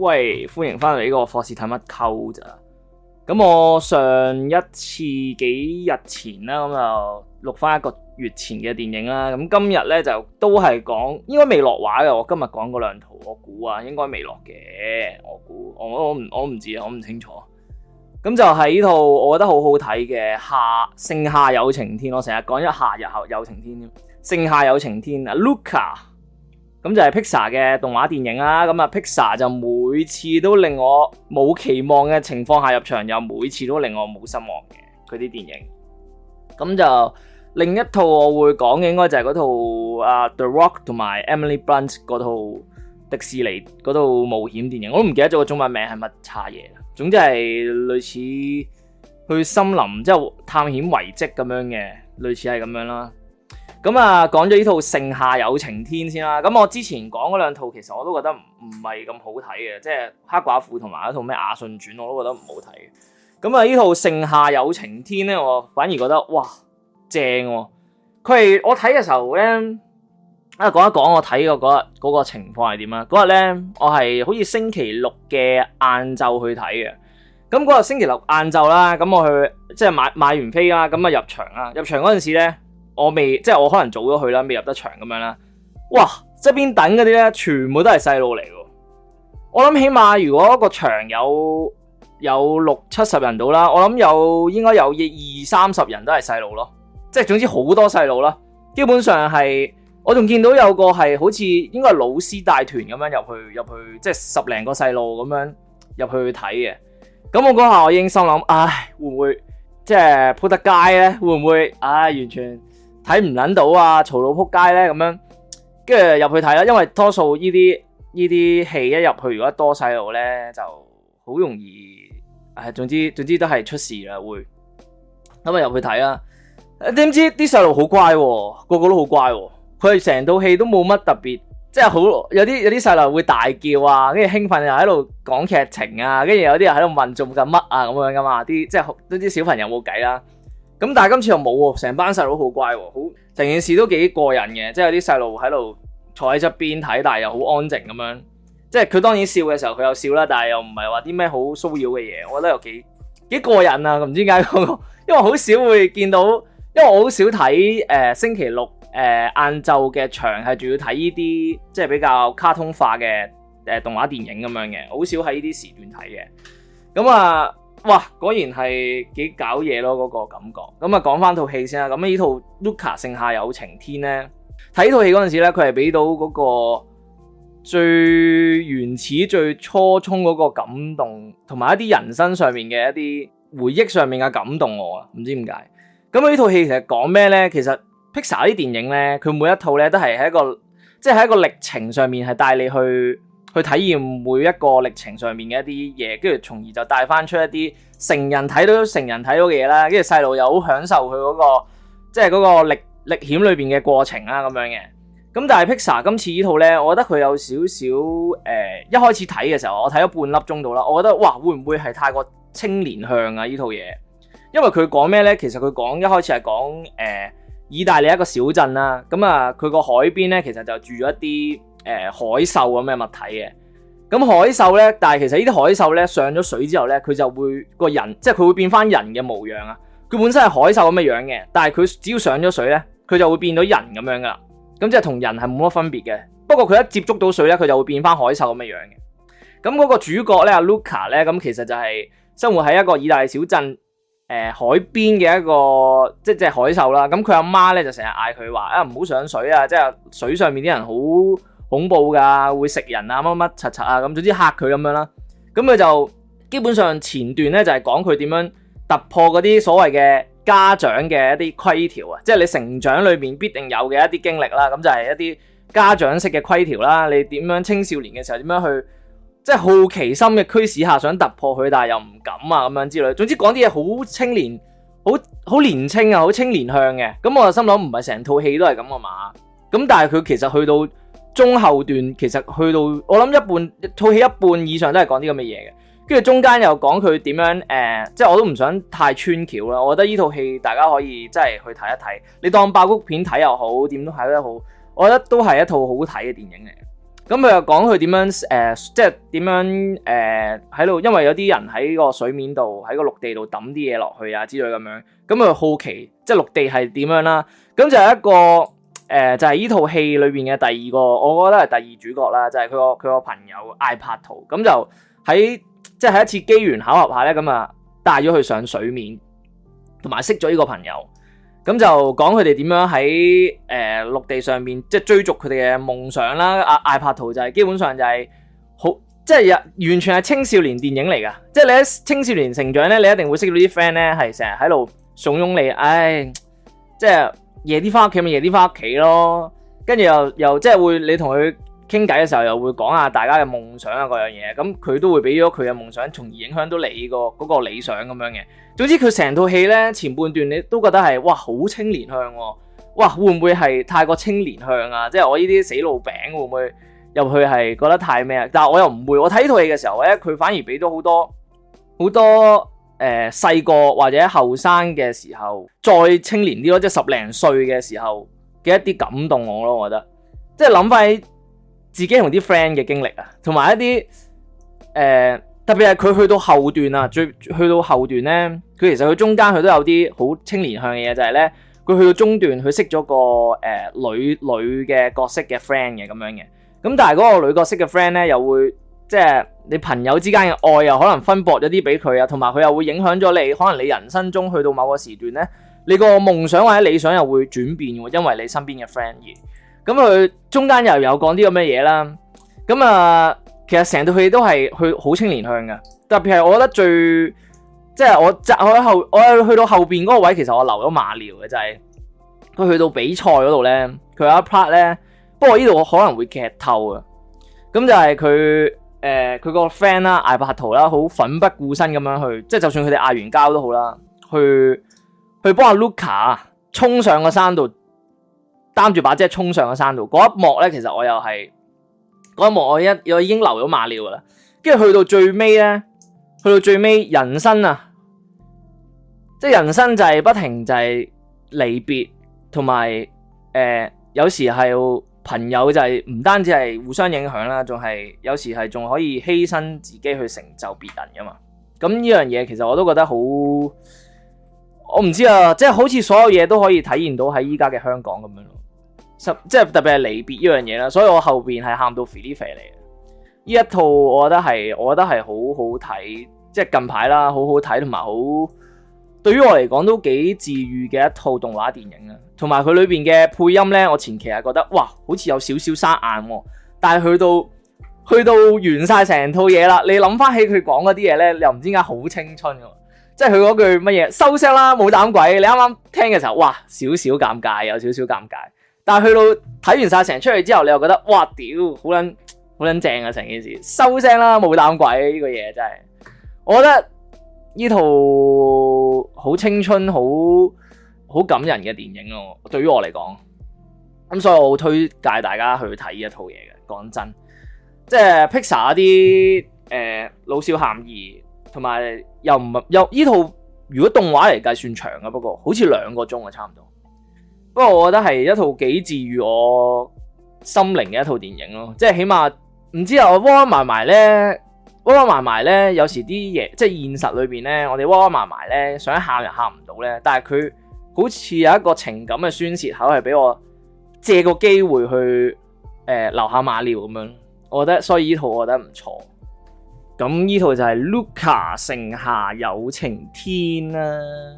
喂，歡迎翻嚟呢個《霍士睇乜 Cult》咋？咁我上一次幾日前啦，咁就錄翻一個月前嘅電影啦。咁今日咧就都係講應該未落畫嘅。我今日講嗰兩套，我估啊應該未落嘅。我估我我唔我唔知啊，我唔清楚。咁就喺呢套我覺得好好睇嘅《夏盛夏友情天》我天。我成日講一夏日後友情天盛夏友情天》阿 Luca。咁就係 Pixar 嘅動畫電影啦，咁啊 Pixar 就每次都令我冇期望嘅情況下入場，又每次都令我冇失望嘅佢啲電影。咁就另一套我會講嘅，應該就係嗰套啊 The Rock 同埋 Emily Blunt 嗰套迪士尼嗰套冒險電影，我都唔記得咗個中文名係乜叉嘢。總之係類似去森林即係、就是、探險遺跡咁樣嘅，類似係咁樣啦。咁啊，講咗呢套《盛夏友情天》先啦。咁我之前講嗰兩套，其實我都覺得唔唔係咁好睇嘅，即係《黑寡婦》同埋嗰套咩《亞信傳》，我都覺得唔好睇嘅。咁啊，呢套《盛夏友情天》咧，我反而覺得哇正喎、啊！佢係我睇嘅時候咧，啊講一講我睇個嗰日嗰個情況係點啊？嗰日咧，我係好似星期六嘅晏晝去睇嘅。咁嗰日星期六晏晝啦，咁我去即係買買完飛啦，咁啊入場啊，入場嗰陣時咧。我未即係，我可能早咗去啦，未入得場咁樣啦。哇！側邊等嗰啲咧，全部都係細路嚟喎。我諗起碼如果個場有有六七十人到啦，我諗有應該有二三十人都係細路咯。即係總之好多細路啦。基本上係我仲見到有個係好似應該係老師帶團咁樣入去入去，即係十零個細路咁樣入去睇嘅。咁我嗰下我已經心諗，唉，會唔會即係仆得街呢，會唔會唉完全？睇唔撚到啊，嘈到仆街咧咁樣，跟住入去睇啦。因為多數呢啲呢啲戲一入去，如果多細路咧，就好容易，唉，總之總之都係出事啦，會咁啊入去睇啦。點知啲細路好乖喎、哦，個個都好乖喎、哦。佢哋成套戲都冇乜特別，即係好有啲有啲細路會大叫啊，跟住興奮又喺度講劇情啊，跟住有啲人喺度問做緊乜啊咁樣噶嘛，啲即係都知小朋友冇計啦。咁但係今次又冇喎，成班細佬好乖喎，好成件事都幾過癮嘅，即係有啲細路喺度坐喺側邊睇，但係又好安靜咁樣。即係佢當然笑嘅時候佢又笑啦，但係又唔係話啲咩好騷擾嘅嘢，我覺得又幾幾過癮啊！唔知點解、那個、因為好少會見到，因為我好少睇誒、呃、星期六誒晏晝嘅場係仲要睇呢啲即係比較卡通化嘅誒、呃、動畫電影咁樣嘅，好少喺呢啲時段睇嘅。咁啊～哇，果然係幾搞嘢咯，嗰、嗰個感覺。咁啊，講翻套戲先啦。咁呢套《Luca 盛夏友情天》咧，睇套戲嗰陣時咧，佢係俾到嗰個最原始、最初衷嗰個感動，同埋一啲人生上面嘅一啲回憶上面嘅感動我啊，唔知點解。咁呢套戲其實講咩咧？其實 Pixar 啲電影咧，佢每一套咧都係喺一個，即係喺一個歷程上面係帶你去。去體驗每一個歷程上面嘅一啲嘢，跟住從而就帶翻出一啲成人睇到、成人睇到嘅嘢啦。跟住細路又好享受佢嗰、嗰個，即係嗰個歷歷險裏邊嘅過程啦咁樣嘅。咁但係 Pixar 今次呢套呢，我覺得佢有少少誒，一開始睇嘅時候，我睇咗半粒鐘度啦，我覺得哇，會唔會係太過青年向啊呢套嘢？因為佢講咩呢？其實佢講一開始係講誒，意大利一個小鎮啦，咁、嗯、啊，佢、呃、個海邊呢，其實就住咗一啲。誒、呃、海獸咁嘅物體嘅，咁海獸咧，但係其實呢啲海獸咧上咗水之後咧，佢就會個人，即係佢會變翻人嘅模樣啊！佢本身係海獸咁嘅樣嘅，但係佢只要上咗水咧，佢就會變到人咁樣噶啦，咁即係同人係冇乜分別嘅。不過佢一接觸到水咧，佢就會變翻海獸咁嘅樣嘅。咁嗰個主角咧阿 Luca 咧，咁其實就係生活喺一個意大利小鎮誒、呃、海邊嘅一個即係即係海獸啦。咁佢阿媽咧就成日嗌佢話：啊唔好上水啊！即係水上面啲人好。恐怖噶，會食人啊，乜乜柒柒啊，咁總之嚇佢咁樣啦。咁佢就基本上前段咧就係講佢點樣突破嗰啲所謂嘅家長嘅一啲規條啊，即係你成長裏面必定有嘅一啲經歷啦。咁就係一啲家長式嘅規條啦。你點樣青少年嘅時候點樣去，即係好奇心嘅驅使下想突破佢，但係又唔敢啊咁樣之類。總之講啲嘢好青年，好好年輕啊，好青年向嘅。咁我就心諗唔係成套戲都係咁啊嘛。咁但係佢其實去到。中後段其實去到我諗一半套戲一半以上都係講啲咁嘅嘢嘅，跟住中間又講佢點樣誒，即係我都唔想太穿橋啦。我覺得呢套戲大家可以真係去睇一睇，你當爆谷片睇又好，點都睇得好。我覺得都係一套好睇嘅電影嚟。咁佢又講佢點樣誒，即係點樣誒喺度，因為有啲人喺個水面度，喺個陸地度抌啲嘢落去啊之類咁樣。咁佢好奇即係陸地係點樣啦。咁就係一個。誒、呃、就係呢套戲裏邊嘅第二個，我覺得係第二主角啦，就係佢個佢個朋友艾柏圖咁就喺即係喺一次機緣巧合下咧，咁啊帶咗佢上水面，同埋識咗呢個朋友，咁就講佢哋點樣喺誒陸地上面即係追逐佢哋嘅夢想啦。阿艾柏圖就係基本上就係好即係完全係青少年電影嚟㗎，即係你喺青少年成長咧，你一定會識到啲 friend 咧係成日喺度慫恿你，唉，即係。夜啲翻屋企咪夜啲翻屋企咯，跟住又又即係會你同佢傾偈嘅時候又會講下大家嘅夢想啊嗰樣嘢，咁佢都會俾咗佢嘅夢想，從而影響到你個嗰個理想咁樣嘅。總之佢成套戲呢，前半段你都覺得係哇好青年向喎、啊，哇會唔會係太過青年向啊？即係我呢啲死老餅會唔會入去係覺得太咩啊？但係我又唔會，我睇套戲嘅時候呢，佢反而俾咗好多好多。誒，細個、呃、或者後生嘅時候，再青年啲咯，即係十零歲嘅時候嘅一啲感動我咯，我覺得即係諗翻起自己同啲 friend 嘅經歷啊，同埋一啲誒、呃，特別係佢去到後段啊，最去到後段咧，佢其實佢中間佢都有啲好青年向嘅嘢，就係、是、咧，佢去到中段佢識咗個誒、呃、女女嘅角色嘅 friend 嘅咁樣嘅，咁但係嗰個女角色嘅 friend 咧又會即係。你朋友之間嘅愛又可能分薄咗啲俾佢啊，同埋佢又會影響咗你。可能你人生中去到某個時段呢，你個夢想或者理想又會轉變喎，因為你身邊嘅 friend 而。咁佢中間又有講啲咁嘅嘢啦。咁啊，其實成套戲都係去好青年向嘅，特別係我覺得最即係、就是、我扎我後我，我去到後邊嗰個位，其實我留咗馬尿嘅，就係、是、佢去到比賽嗰度呢。佢有一 part 呢，不過呢度我可能會劇透啊。咁就係佢。誒，佢個 friend 啦，艾柏圖啦，好奮不顧身咁樣去，即係就算佢哋嗌完交都好啦，去去幫阿盧卡衝上個山度擔住把遮衝上個山度。嗰一幕咧，其實我又係嗰一幕，我一我已經流咗馬尿啦。跟住去到最尾咧，去到最尾，人生啊，即係人生就係不停就係離別，同埋誒，有時係。朋友就係、是、唔單止係互相影響啦，仲係有時係仲可以犧牲自己去成就別人噶嘛。咁呢樣嘢其實我都覺得好，我唔知啊，即、就、係、是、好似所有嘢都可以體現到喺依家嘅香港咁樣咯。即係、就是、特別係離別呢樣嘢啦，所以我後邊係喊到肥肥咧嚟啊。呢一套我覺得係，我覺得係好好睇，即、就、係、是、近排啦，好好睇同埋好。對於我嚟講都幾治愈嘅一套動畫電影啊，同埋佢裏邊嘅配音呢，我前期係覺得哇，好似有少少沙眼喎，但係去到去到完晒成套嘢啦，你諗翻起佢講嗰啲嘢呢，你又唔知點解好青春嘅，即係佢嗰句乜嘢收聲啦，冇膽鬼！你啱啱聽嘅時候，哇，少少尷尬，有少少尷尬，但係去到睇完晒成出嚟之後，你又覺得哇，屌，好捻好捻正啊，成件事，收聲啦，冇膽鬼！呢個嘢真係，我覺得。呢套好青春、好好感人嘅電影咯，對於我嚟講，咁所以我推介大家去睇呢一套嘢嘅。講真，即係 Pixar 啲誒、呃、老少咸宜，同埋又唔係又呢套如果動畫嚟計算，算長啊，不過好似兩個鐘啊，差唔多。不過我覺得係一套幾治癒我心靈嘅一套電影咯，即係起碼唔知啊，我窩埋埋咧。拖拖埋埋咧，有時啲嘢，即係現實裏邊咧，我哋拖拖埋埋咧，想喊又喊唔到咧。但係佢好似有一個情感嘅宣泄口，係俾我借個機會去誒留、呃、下馬尿咁樣。我覺得所以呢套我覺得唔錯。咁呢套就係 Luca 盛夏友情天啦，啊。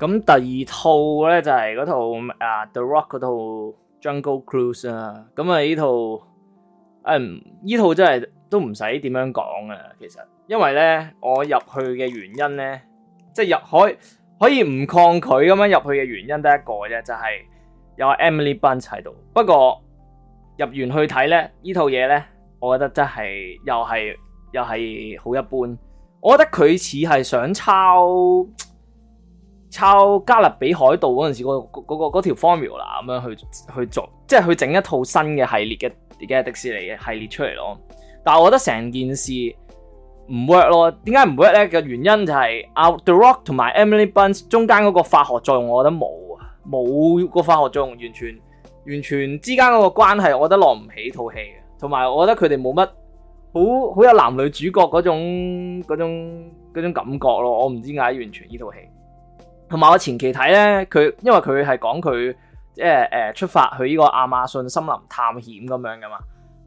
咁第二套咧就係、是、嗰套啊 The Rock 嗰套 Jungle Cruise 啦，啊。咁啊呢套嗯依、哎、套真係。都唔使點樣講啊！其實，因為咧，我入去嘅原因咧，即係入海可以唔抗拒咁樣入去嘅原因得一個啫，就係、是、有阿 Emily Bun 喺度。不過入完去睇咧，套呢套嘢咧，我覺得真係又係又係好一般。我覺得佢似係想抄抄《加勒比海盜》嗰陣時個嗰條、那個、formula 咁樣去去做，即係去整一套新嘅系列嘅而家迪士尼嘅系列出嚟咯。但我覺得成件事唔 work 咯，點解唔 work 咧？嘅原因就係 The Rock 同埋 Emily Burns 中間嗰個化學作用，我覺得冇啊，冇個化學作用，完全完全之間嗰個關係，我覺得落唔起套戲嘅。同埋我覺得佢哋冇乜好好有男女主角嗰種嗰種嗰種感覺咯。我唔知點解完全呢套戲。同埋我前期睇咧，佢因為佢係講佢即係誒出發去呢個亞馬遜森林探險咁樣噶嘛，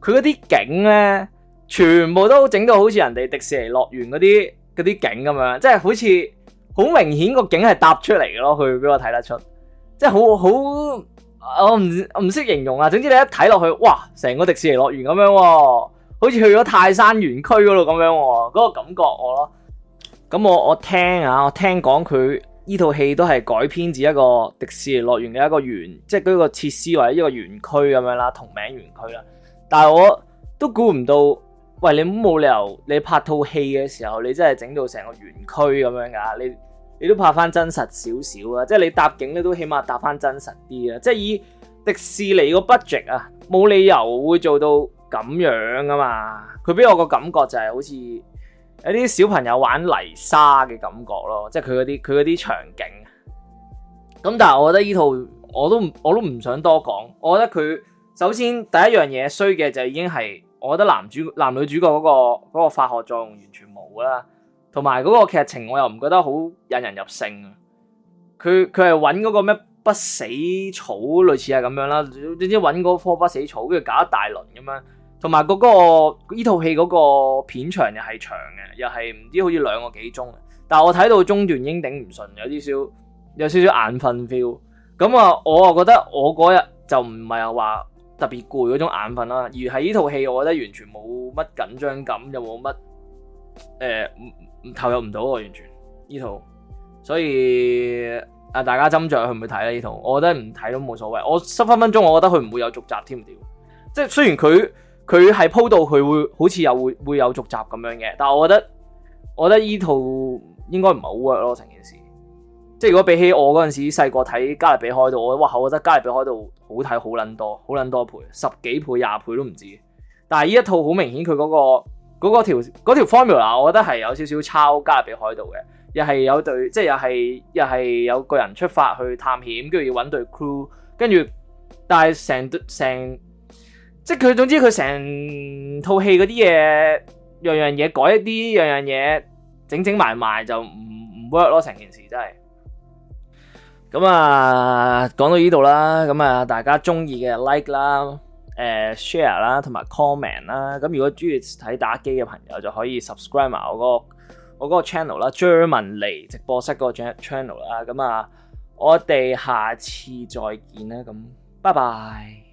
佢嗰啲景咧。全部都整到好似人哋迪士尼樂園嗰啲啲景咁樣，即係好似好明顯個景係搭出嚟嘅咯，佢俾我睇得出，即係好好我唔我唔識形容啊。總之你一睇落去，哇，成個迪士尼樂園咁樣，好似去咗泰山園區嗰度咁樣，嗰個感覺我咯。咁我我聽啊，我聽講佢呢套戲都係改編自一個迪士尼樂園嘅一個園，即係嗰一個設施或者一個園區咁樣啦，同名園區啦。但係我都估唔到。喂，你冇理由你拍套戲嘅時候，你真係整到成個園區咁樣噶？你你都拍翻真實少少啊！即係你搭景咧，都起碼搭翻真實啲啊！即係以迪士尼個 budget 啊，冇理由會做到咁樣噶嘛？佢俾我個感覺就係好似有啲小朋友玩泥沙嘅感覺咯，即係佢嗰啲佢嗰啲場景。咁但係我覺得呢套我都我都唔想多講。我覺得佢首先第一樣嘢衰嘅就已經係。我覺得男主男女主角嗰、嗰個、嗰個化學作用完全冇啦，同埋嗰個劇情我又唔覺得好引人入勝啊！佢佢係搵嗰個咩不死草類似係咁樣啦，總之搵嗰棵不死草，跟住搞一大輪咁樣。同埋、嗰個呢套戲嗰個片長又係長嘅，又係唔知好似兩個幾鐘。但係我睇到中段已經頂唔順，有啲少有少有少少眼瞓 feel。咁啊，我啊覺得我嗰日就唔係話。特別攰嗰種眼瞓啦，而係呢套戲，我覺得完全冇乜緊張感，又冇乜誒，唔唔投入唔到啊，完全呢套，所以啊，大家斟酌去唔去睇啦呢套，我覺得唔睇都冇所謂。我十分分鐘，我覺得佢唔會有續集添嘅，即係雖然佢佢係鋪到，佢會好似有會會有續集咁樣嘅，但係我覺得我覺得呢套應該唔係好 work 咯成件事。即如果比起我嗰陣時細個睇《加勒比海盜》，我哇，我覺得《加勒比海盜》好睇好撚多，好撚多倍，十幾倍、廿倍都唔止。但係呢一套好明顯，佢嗰、嗰個嗰條條 formula，我覺得係有少少抄《加勒比海盜》嘅，又係有隊即又係又係有個人出發去探險，跟住要搵隊 crew，跟住但係成成即佢總之佢成套戲嗰啲嘢樣樣嘢改一啲樣樣嘢，整整埋埋就唔唔 work 咯。成件事真係。咁啊，講到呢度啦，咁啊，大家中意嘅 like 啦、呃，誒 share 啦，同埋 comment 啦。咁如果中意睇打機嘅朋友，就可以 subscribe 埋我嗰我嗰個 channel 啦，張文嚟直播室嗰個 channel 啦。咁啊，我哋下次再見啦，咁拜拜。